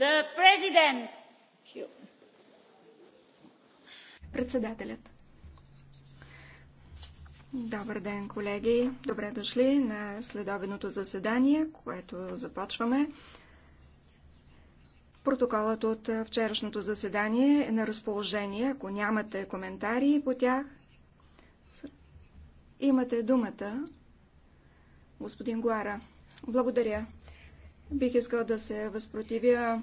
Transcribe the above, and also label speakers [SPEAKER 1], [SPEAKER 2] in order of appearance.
[SPEAKER 1] The
[SPEAKER 2] President.
[SPEAKER 3] Председателят. Добър ден, колеги! Добре дошли на следовеното заседание, което започваме. Протоколът от вчерашното заседание е на разположение, ако нямате коментари по тях. Имате думата, господин Гуара. Благодаря. Бих искал да се възпротивя